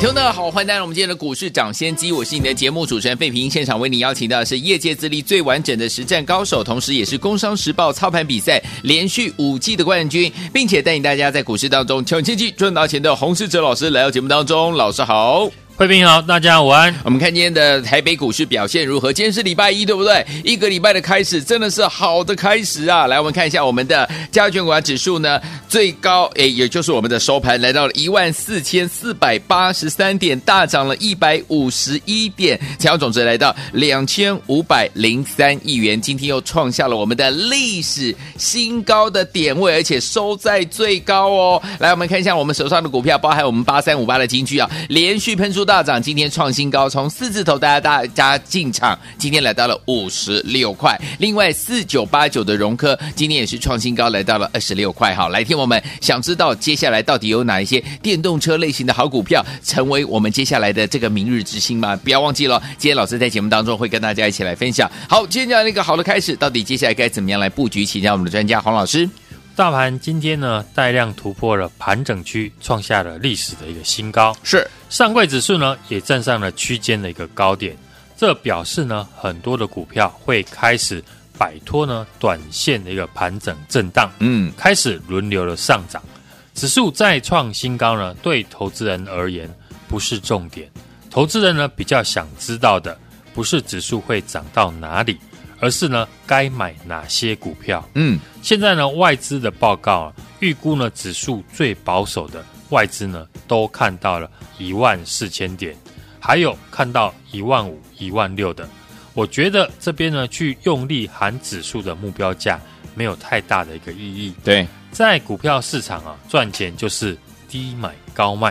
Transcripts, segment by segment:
聽到好，歡迎大家。我們今天的股市漲先機。我是你的節目主持人費平，現場為你邀請到的是業界資歷最完整的實戰高手，同時也是《工商時報》操盤比賽連續五季的冠軍，並且帶領大家在股市當中搶先機、賺大錢的洪士哲老師來到節目當中。老師好。各位朋友大家午安。我們看今天的台北股市表現如何？今天是禮拜一，對不對？一個禮拜的開始，真的是好的開始啊！來，我們看一下我們的加權股價指數呢，最高誒，也就是我們的收盤，來到了一萬四千四百八十三點，大漲了一百五十一點，總值來到兩千五百零三億元。今天又創下了我們的歷史新高的點位，而且收在最高哦。來，我們看一下我們手上的股票，包含我們八三五八的金居啊，連續噴出。大漲，今天創新高，從四字頭帶大家進場，今天來到了五十六塊。另外，四九八九的榮科今天也是創新高，來到了二十六塊。好，來聽我們想知道接下來到底有哪一些電動車類型的好股票，成為我們接下來的這個明日之星嗎？不要忘記了，今天老師在節目當中會跟大家一起來分享。好，今天這樣一個好的開始，到底接下來該怎麼樣來布局？請教我們的專家洪老師。大盤今天呢，帶量突破了盤整區，創下了歷史的一個新高。是。上櫃指數呢，也站上了區間的一個高點。這表示呢，很多的股票會開始擺脫呢短線的一個盤整震盪，嗯，開始輪流的上漲。指數再創新高呢，對投資人而言不是重點。投資人呢，比較想知道的不是指數會漲到哪裡。而是呢，該買哪些股票？嗯，現在呢，外資的報告啊，預估呢，指數最保守的外資呢，都看到了一萬四千點，還有看到一萬五、一萬六的。我覺得這邊呢，去用力喊指數的目標價，沒有太大的一個意義。對，在股票市場啊，賺錢就是低買高賣。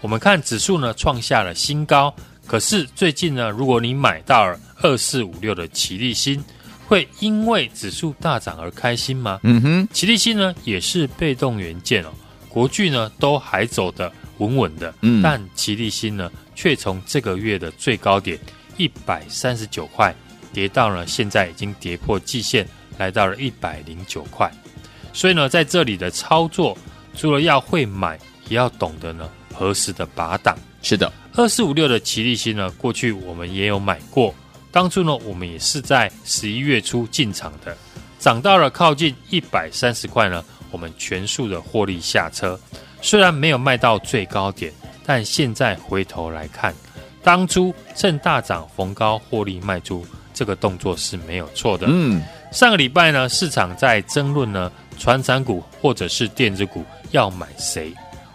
我們看指數呢，創下了新高，可是最近呢，如果你買到了。二四五六的奇力新會因為指數大漲而開心嗎？嗯哼，奇力新呢也是被動元件哦，國巨呢都還走得穩穩的，嗯、但奇力新呢卻從這個月的最高點一百三十九塊跌到了現在已經跌破季線，來到了一百零九塊。所以呢，在這裡的操作除了要會買，也要懂得呢何時的拔檔。是的，二四五六的奇力新呢，過去我們也有買過。當初呢，我們也是在十一月初進場的，漲到了靠近一百三十塊呢，我們全數的獲利下車。雖然沒有賣到最高點，但現在回頭來看，當初趁大漲逢高獲利賣出這個動作是沒有錯的。嗯，上個禮拜呢，市場在爭論呢，傳產股或者是電子股要買誰？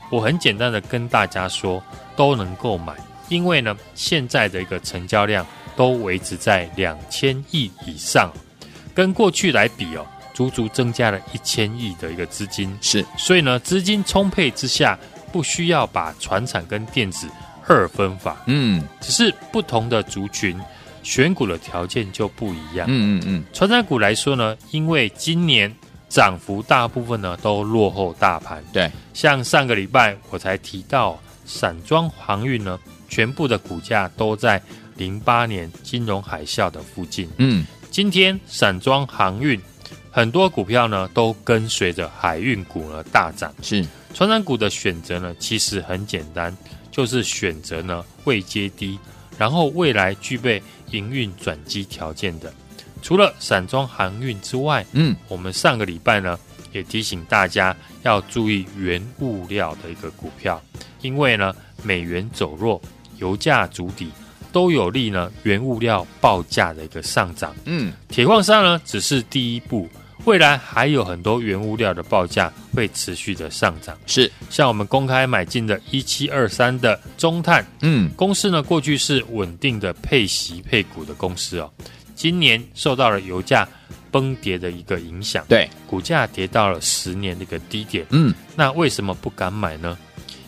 我很簡單的跟大家說，都能夠買，因為呢，現在的一個成交量。都維持在兩千億以上，跟過去來比哦，足足增加了一千億的一個資金。是，所以呢，資金充沛之下，不需要把傳產跟電子二分法。嗯，只是不同的族群選股的條件就不一樣。嗯嗯嗯。傳產股來說呢，因為今年漲幅大部分呢都落後大盤。對，像上個禮拜我才提到散裝航運呢，全部的股價都在。零八年金融海嘯的附近，嗯，今天散裝航運很多股票呢都跟隨着海運股而大漲。是，船長股的選擇呢其實很簡單，就是選擇呢位階低，然後未來具備營運轉機條件的。除了散裝航運之外，嗯，我們上個禮拜呢也提醒大家要注意原物料的一個股票，因為呢美元走弱，油價築底。都有利呢，原物料報價的一個上漲。嗯，鐵礦山呢只是第一步，未來還有很多原物料的報價會持續的上漲。是，像我們公開買進的一七二三的中碳，嗯，公司呢過去是穩定的配息配股的公司哦，今年受到了油價崩跌的一個影響，對，股價跌到了十年的一個低點。嗯，那為什麼不敢買呢？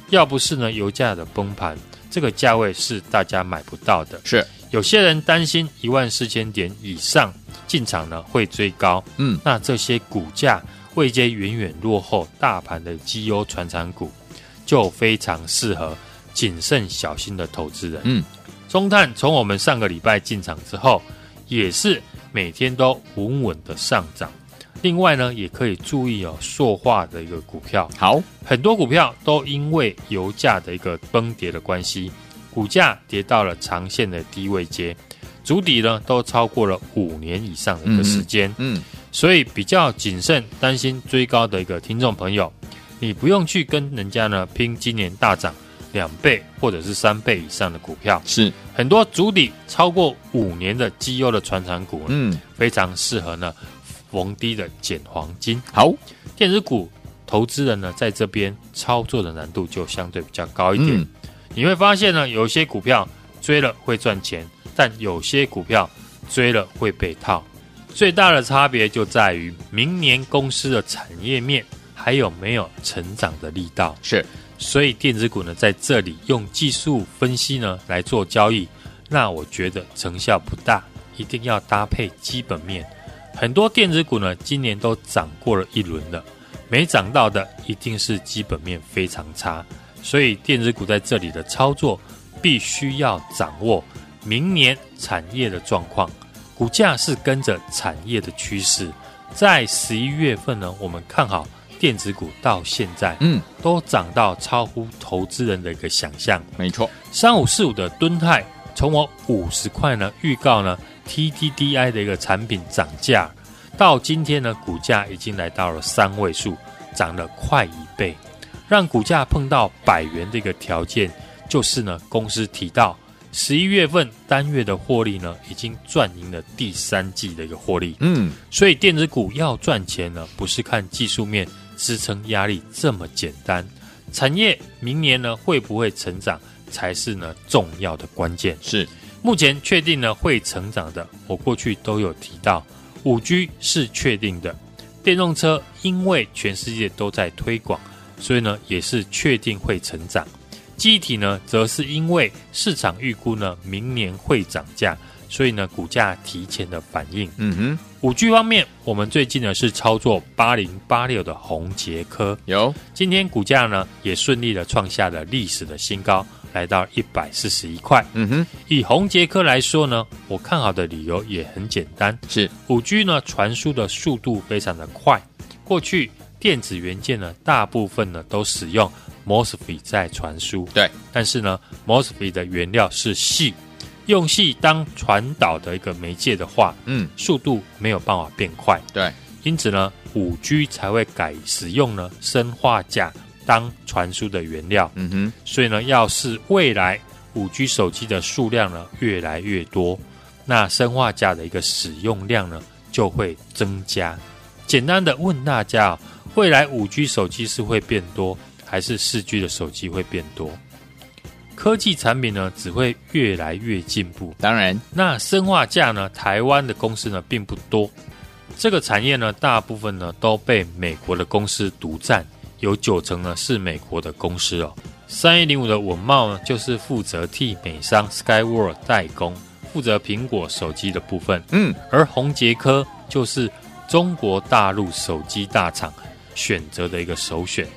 要不是呢油價的崩盤。這個價位是大家買不到的，是有些人擔心一萬四千點以上進場呢會追高，嗯，那這些股價位階，遠遠落後大盤的績優傳產股，就非常適合謹慎小心的投資人，嗯，中碳從我們上個禮拜進場之後，也是每天都穩穩的上漲。另外呢，也可以注意哦，塑化的一個股票。好，很多股票都因為油價的一個崩跌的關係，股價跌到了長線的低位階，築底呢都超過了五年以上的一個時間嗯。嗯，所以比較謹慎，擔心追高的一個聽眾朋友，你不用去跟人家呢拼今年大漲兩倍或者是三倍以上的股票。是很多築底超過五年的績優的傳產股，嗯，非常適合呢。逢低的撿黃金。好，電子股投資人呢，在這邊操作的難度就相對比較高一點。嗯。你會發現呢，有些股票追了會賺錢，但有些股票追了會被套。最大的差別就在於明年公司的產業面還有沒有成長的力道。是，所以電子股呢，在這裡用技術分析呢來做交易，那我覺得成效不大，一定要搭配基本面。很多電子股呢，今年都漲過了一輪了，沒漲到的一定是基本面非常差。所以電子股在這裡的操作，必須要掌握明年產業的狀況，股價是跟着產業的趨勢。在十一月份呢，我們看好電子股到現在，嗯，都漲到超乎投資人的一個想象。沒錯，三五四五的敦泰，從我五十塊呢，預告呢。TDDI 的一個產品漲價到今天呢，股價已經來到了三位數，漲了快一倍，讓股價碰到百元的一個條件，就是呢，公司提到十一月份單月的獲利呢，已經賺贏了第三季的一個獲利。嗯，所以電子股要賺錢呢，不是看技術面支撐壓力這麼簡單，產業明年呢，會不會成長，才是呢，重要的關鍵。是。目前確定呢，會成長的，我過去都有提到，五 G 是確定的，電動車因為全世界都在推廣，所以呢也是確定會成長。記憶體呢，則是因為市場預估呢，明年會漲價，所以呢股價提前的反應。嗯哼，五 G 方面，我們最近呢是操作八零八六的宏捷科，有，今天股價呢也順利的創下了歷史的新高。來到一百四十一塊。嗯哼，以宏捷科來說呢，我看好的理由也很簡單，是五 G 呢傳輸的速度非常的快。過去電子元件呢，大部分呢都使用 MOSFET 在傳輸。對，但是呢 MOSFET 的原料是矽，用矽當傳導的一個媒介的話，嗯，速度沒有辦法變快。對，因此呢五 G 才會改使用呢砷化鎵當傳輸的原料，嗯哼，所以呢，要是未來五 G 手機的數量呢越來越多，那砷化鎵的一個使用量呢就會增加。簡單的問大家啊、哦，未來五 G 手機是會變多，還是四 G 的手機會變多？科技產品呢只會越來越進步，當然，那砷化鎵呢，台灣的公司呢並不多，這個產業呢，大部分呢都被美國的公司獨占。有九成呢是美國的公司哦。三一零五的穩懋呢，就是負責替美商 Skyworks 代工，負責蘋果手機的部分。嗯，而宏捷科就是中國大陸手機大廠選擇的一個首選。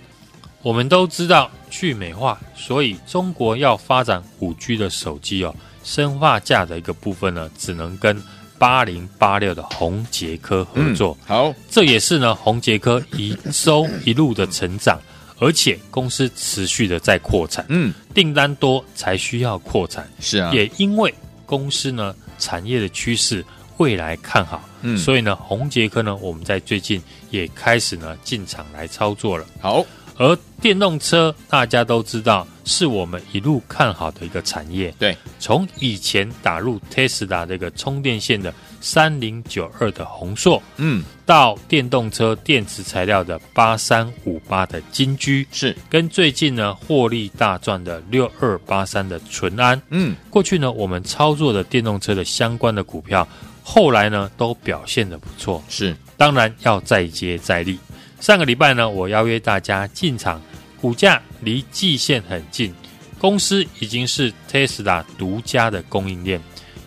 我們都知道去美化，所以中國要發展五 G 的手機哦，砷化鎵的一個部分呢，只能跟。八零八六的宏捷科合作，嗯、好，這也是呢宏捷科一收一路的成長，而且公司持續的在擴產。嗯，訂單多才需要擴產，是啊，也因為公司呢產業的趨勢未來看好，嗯，所以呢宏捷科呢我們在最近也開始呢進場來操作了，好。而電動車，大家都知道是我們一路看好的一個產業。對，從以前打入 Tesla 這個充電線的三零九二的鴻碩，嗯，到電動車電池材料的八三五八的金居，是跟最近呢獲利大賺的六二八三的淳安，嗯，過去呢我們操作的電動車的相關的股票，後來呢都表現得不錯，是當然要再接再厲。上個禮拜呢，我邀約大家進場，股價離季線很近，公司已經是 Tesla 獨家的供應鏈，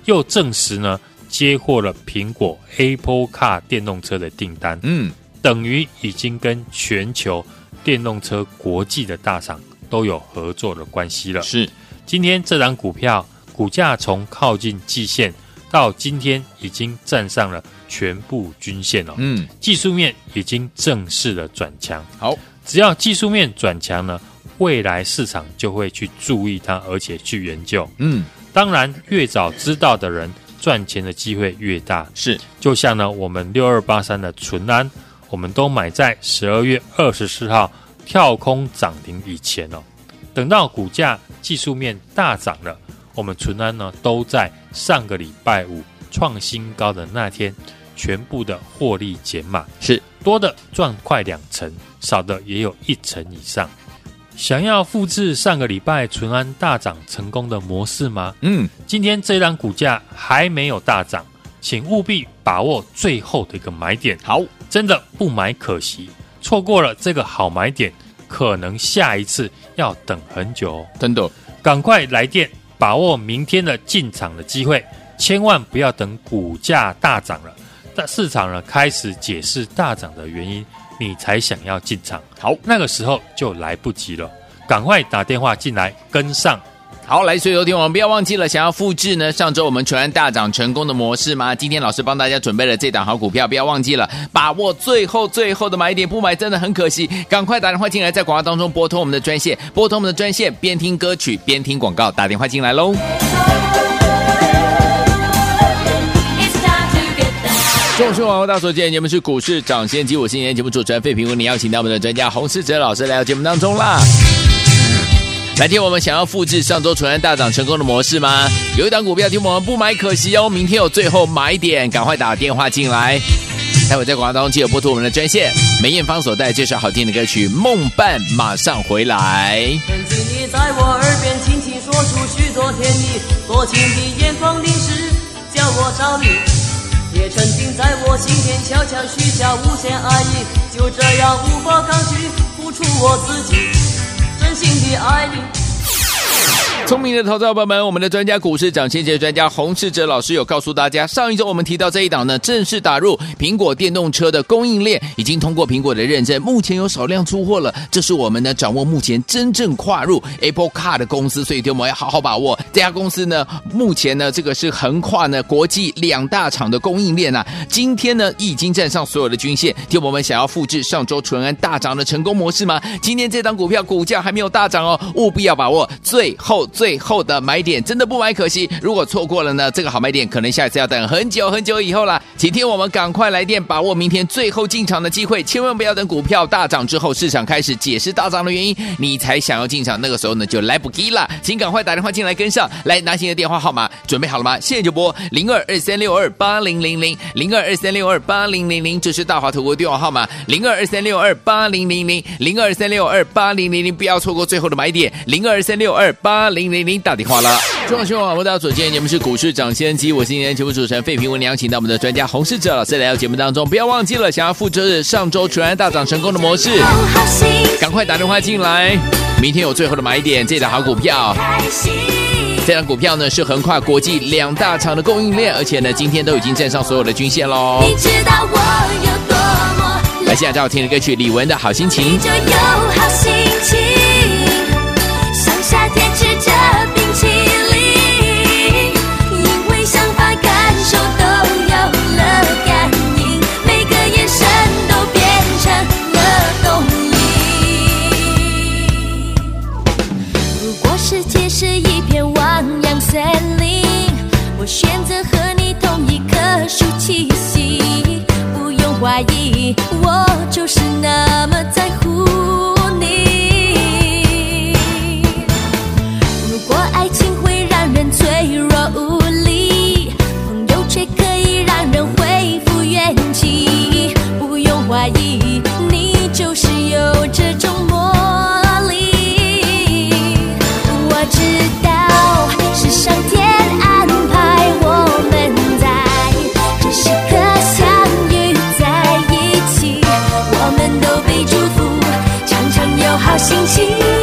又證實呢接獲了蘋果 Apple Car 電動車的訂單，嗯，等於已經跟全球電動車國際的大廠都有合作的關係了。是，今天這檔股票股價從靠近季線到今天已經站上了。全部均線哦，嗯，技術面已經正式的轉強。好，只要技術面轉強呢，未來市場就會去注意它，而且去研究。嗯，當然，越早知道的人賺錢的機會越大。是，就像呢，我們六二八三的淳安，我們都買在十二月二十四號跳空漲停以前哦。等到股價技術面大漲了，我們淳安呢都在上個禮拜五創新高的那天。全部的獲利減碼，是多的賺快兩成，少的也有一成以上。想要複製上個禮拜淳安大漲成功的模式嗎？嗯，今天這一檔股價還沒有大漲，請務必把握最後的一個買點。好，真的不買可惜，錯過了這個好買點，可能下一次要等很久哦。真的，趕快來電把握明天的進場的機會，千萬不要等股價大漲了，市場呢，開始解釋大漲的原因，你才想要進場，好，那個時候就來不及了，趕快打電話進來跟上。好，來，所以各位我們不要忘記了，想要複製呢，上周我們全案大漲成功的模式嗎？今天老師幫大家準備了這檔好股票，不要忘記了，把握最後最後的買點，不買真的很可惜，趕快打電話進來，在廣告當中撥通我們的專線，撥通我們的專線，邊聽歌曲邊聽廣告，打電話進來嘍。 眾訊網絡大所，今你們是股市漲先機。我今天節目主持人費平為您邀請到我們的專家洪士哲老師來到節目當中啦。 來，聽我們想要複製上周傳安大漲成功的模式嗎？有一檔股票，聽我們不買可惜哦，明天有最後買點，趕快打電話進來。待會在廣告當中記得撥通我們的專線。梅艷芳所帶這首好聽的歌曲《夢伴》馬上回來。曾經你在我耳邊輕輕說出許多甜蜜，多情的眼光凝視，叫我着迷。也曾經在我心田悄悄許下無限愛意，就這樣無法抗拒，付出我自己，真心的愛你。聰明的投資者朋友們，我們的專家股市漲先機專家洪士哲老師有告訴大家，上一周我們提到這一檔呢，正式打入蘋果電動車的供應鏈，已經通過蘋果的認證，目前有少量出貨了。這是我們呢掌握目前真正跨入 Apple Car 的公司，所以我們要好好把握這家公司呢。目前呢，這個是橫跨呢國際兩大廠的供應鏈啊。今天呢，已經站上所有的均線，天我們想要複製上周純安大漲的成功模式嗎？今天這檔股票股價還沒有大漲哦，務必要把握最後。最後的買點真的不買可惜，如果錯過了呢？這個好買點可能下一次要等很久很久以後了。今天我們趕快來電，把握明天最後進場的機會，千萬不要等股票大漲之後，市場開始解釋大漲的原因，你才想要進場，那個時候呢就來不及了。請趕快打電話進來跟上來，拿新的電話號碼，準備好了嗎？現在就撥零二二三六二八零零零零二二三六二八零零零，這是大華投顧電話號碼零二二三六二八零零零零二三六二八零零零，不要錯過最後的買點零二三六二八零。零零打電話了。中央新聞，我們大左。今天節目是股市漲先機，我是今天節目主持人費平文良，你請到我們的專家洪士哲。在來到節目當中，不要忘記了想要複製上周全大漲成功的模式好心，趕快打電話進來。明天有最後的買一點，這樣的好股票。開心這張股票呢是橫跨國際兩大廠的供應鏈，而且呢今天都已經站上所有的均線嘍。來，現在讓我聽的歌曲，李玟的好心情。天吃着冰淇淋，因為想法、感受都有了感應，每個眼神都變成了動力。如果世界是一片汪洋森林，我選擇和你同一棵樹棲息，不用懷疑，我就是那。心情。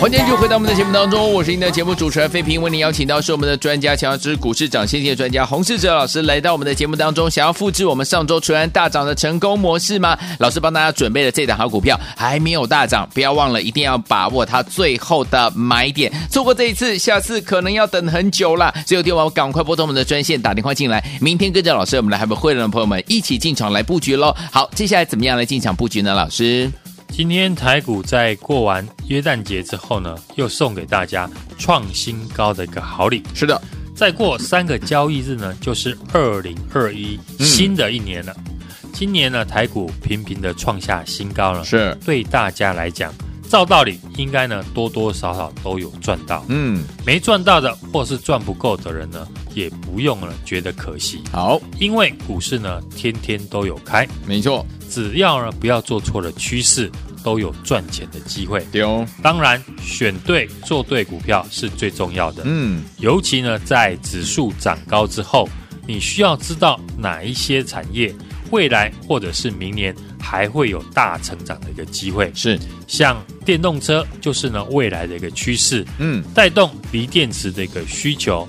歡迎繼續回到我們的節目當中，我是您的節目主持人費平。為您邀請到是我們的專家，強勢股市漲先機專家洪士哲老師來到我們的節目當中，想要複製我們上周全然大漲的成功模式嗎？老師幫大家準備了這檔好股票，還沒有大漲，不要忘了一定要把握它最後的買點，錯過這一次，下次可能要等很久啦。只有聽完，趕快撥通我們的專線，打電話進來，明天跟着老師，我們來還沒會的朋友們一起進場來佈局嘍。好，接下來怎麼樣來進場佈局呢？老師？今天台股在過完耶誕節之後呢，又送給大家創新高的一個好禮。是的，再過三個交易日呢，就是二零二一新的一年了。今年呢，台股頻頻的創下新高了。是，對大家來講，照道理應該呢，多多少少都有賺到。嗯，沒賺到的或是賺不夠的人呢，也不用了覺得可惜。好，因為股市呢，天天都有開。沒錯。只要呢，不要做錯了趨勢，都有賺錢的機會。當然選對、做對股票是最重要的。嗯，尤其呢，在指數漲高之後，你需要知道哪一些產業未來或者是明年還會有大成長的一個機會。是，像電動車就是呢，未來的一個趨勢。嗯，帶動鋰電池的一個需求。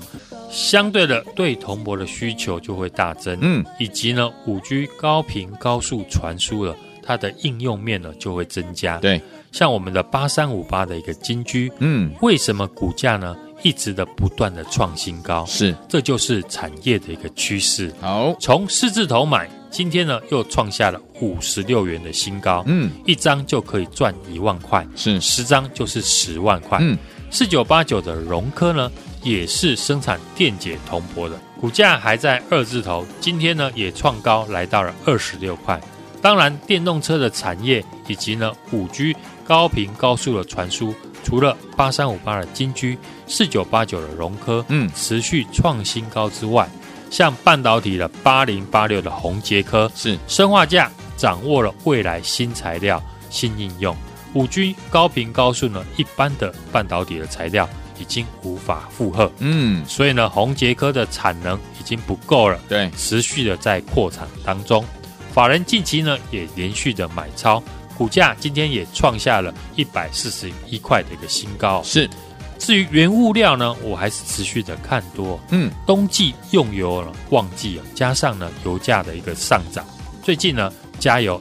相對的，對銅箔的需求就會大增，嗯，以及呢，五 G 高頻高速傳輸了，它的應用面呢就會增加。對，像我們的八三五八的一個金居，嗯，為什麼股價呢一直的不斷的創新高？是，這就是產業的一個趨勢。好，從四字頭買，今天呢又創下了五十六元的新高，嗯，一張就可以賺一萬塊，是，十張就是十萬塊，嗯，四九八九的榮科呢，也是生產電解銅箔的，股價還在二字頭，今天呢也創高來到了二十六塊。當然，電動車的產業以及呢五 G 高頻高速的傳輸，除了八三五八的金居、四九八九的榮科，嗯，持續創新高之外，像半導體的八零八六的宏捷科，是砷化鎵掌握了未來新材料、新應用，五 G 高頻高速呢一般的半導體的材料。已經無法負荷，嗯，所以呢，宏捷科的產能已經不夠了，對，持續的在擴產當中。法人近期呢也連續的買超，股價今天也創下了一百四十一塊的一個新高。是，至於原物料呢，我還是持續的看多，嗯，冬季用油旺季啊，加上呢油價的一個上漲，最近呢加油，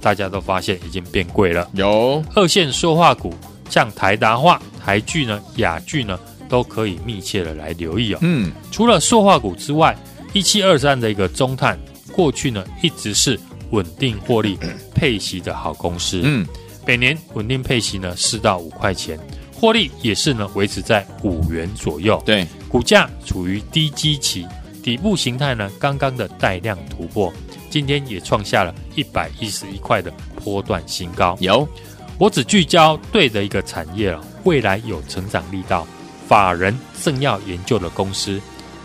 大家都發現已經變貴了。有二線塑化股，像台達化。台聚呢，亞聚呢，都可以密切的來留意哦。嗯，除了塑化股之外，一七二三的一個中碳，過去呢一直是穩定獲利配息的好公司。嗯，每年穩定配息呢四到五塊錢，獲利也是呢維持在五元左右。對，股價處於低基期，底部形態呢剛剛的帶量突破，今天也創下了一百一十一塊的波段新高。有，我只聚焦對的一個產業了。未來有成長力道，法人正要研究的公司，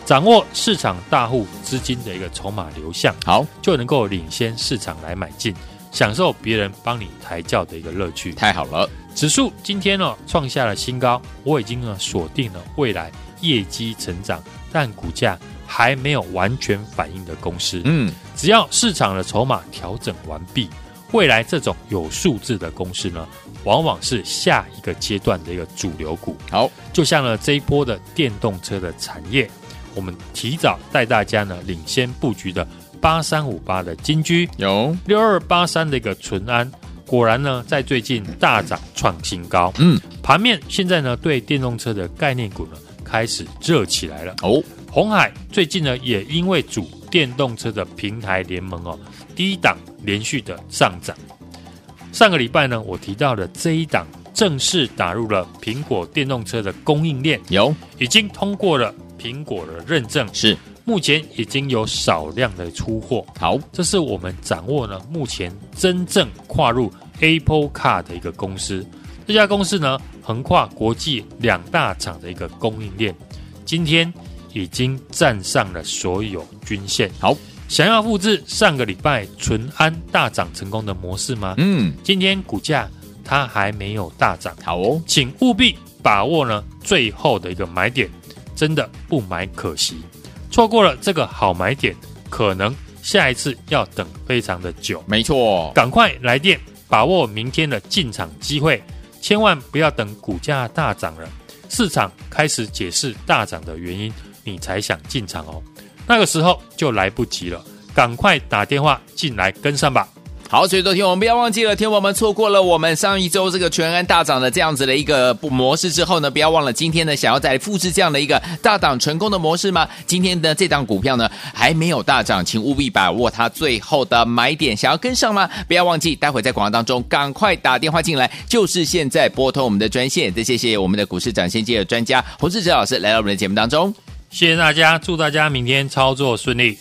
掌握市場大戶資金的一個籌碼流向，好，就能夠領先市場來買進，享受別人幫你抬轎的一個樂趣。太好了，指數今天呢創下了新高，我已經呢鎖定了未來業績成長但股價還沒有完全反映的公司。嗯，只要市場的籌碼調整完畢，未來這種有數字的公司呢，往往是下一個階段的一個主流股。好，就像呢這一波的電動車的產業，我們提早帶大家呢領先佈局的八三五八的金居，有六二八三的一個淳安，果然呢在最近大漲創新高。嗯，盤面現在呢對電動車的概念股呢開始熱起來了。哦，鴻海最近呢也因為主。電動車的平台聯盟哦，第一檔連續的上漲。上個禮拜呢，我提到的這一檔正式打入了蘋果電動車的供應鏈，有已經通過了蘋果的認證，是目前已經有少量的出貨。好，這是我們掌握了目前真正跨入 Apple Car 的一個公司。這家公司呢，橫跨國際兩大廠的一個供應鏈。今天。已經站上了所有均線。好，想要複製上個禮拜淳安大漲成功的模式嗎？嗯，今天股價它還沒有大漲。好哦，請務必把握呢最後的一個買點，真的不買可惜，錯過了這個好買點，可能下一次要等非常的久。沒錯，趕快來電把握明天的進場機會，千萬不要等股價大漲了，市場開始解釋大漲的原因。你才想進場哦，那個時候就來不及了，趕快打電話進來跟上吧。好，所以昨天我們不要忘記了，昨天我們錯過了我們上一周這個全安大漲的這樣子的一個模式之後呢，不要忘了今天呢想要再複製這樣的一個大漲成功的模式嗎？今天的這檔股票呢還沒有大漲，請務必把握它最後的買點，想要跟上嗎？不要忘記，待會在廣告當中趕快打電話進來，就是現在撥通我們的專線。再謝謝我們的股市漲先機的專家洪士哲老師來到我們的節目當中。謝謝大家，祝大家明天操作順利。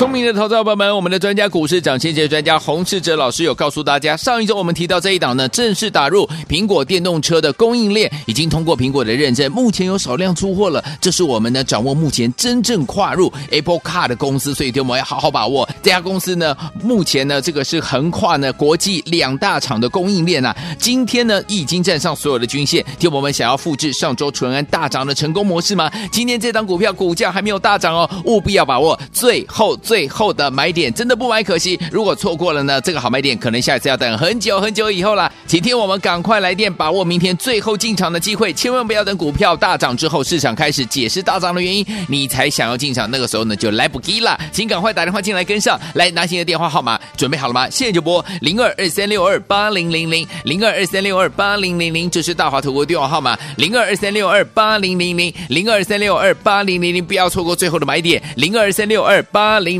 聰明的投資者朋友們，我們的專家股市漲先機專家洪士哲老師有告訴大家，上一周我們提到這一檔呢，正式打入蘋果電動車的供應鏈，已經通過蘋果的認證，目前有少量出貨了。這是我們呢掌握，目前真正跨入 Apple Car 的公司，所以對我們要好好把握這家公司呢。目前呢，這個是橫跨呢國際兩大廠的供應鏈吶、啊。今天呢，已經站上所有的均線。聽我們想要複製上周純安大漲的成功模式嗎？今天這檔股票股價還沒有大漲哦，務必要把握最後。最後的買點真的不買可惜，如果錯過了呢，這個好買點可能下一次要等很久很久以後了。今天我們趕快來電，把握明天最後進場的機會，千萬不要等股票大漲之後，市場開始解釋大漲的原因，你才想要進場，那個時候呢就來不及了。請趕快打電話進來跟上來，拿新的電話號碼，準備好了嗎？現在就撥零二二三六二八零零零零二二三六二八零零零，這是大華投顧電話號碼零二二三六二八零零零零二三六二八零零零，不要錯過最後的買點零二三六二八零。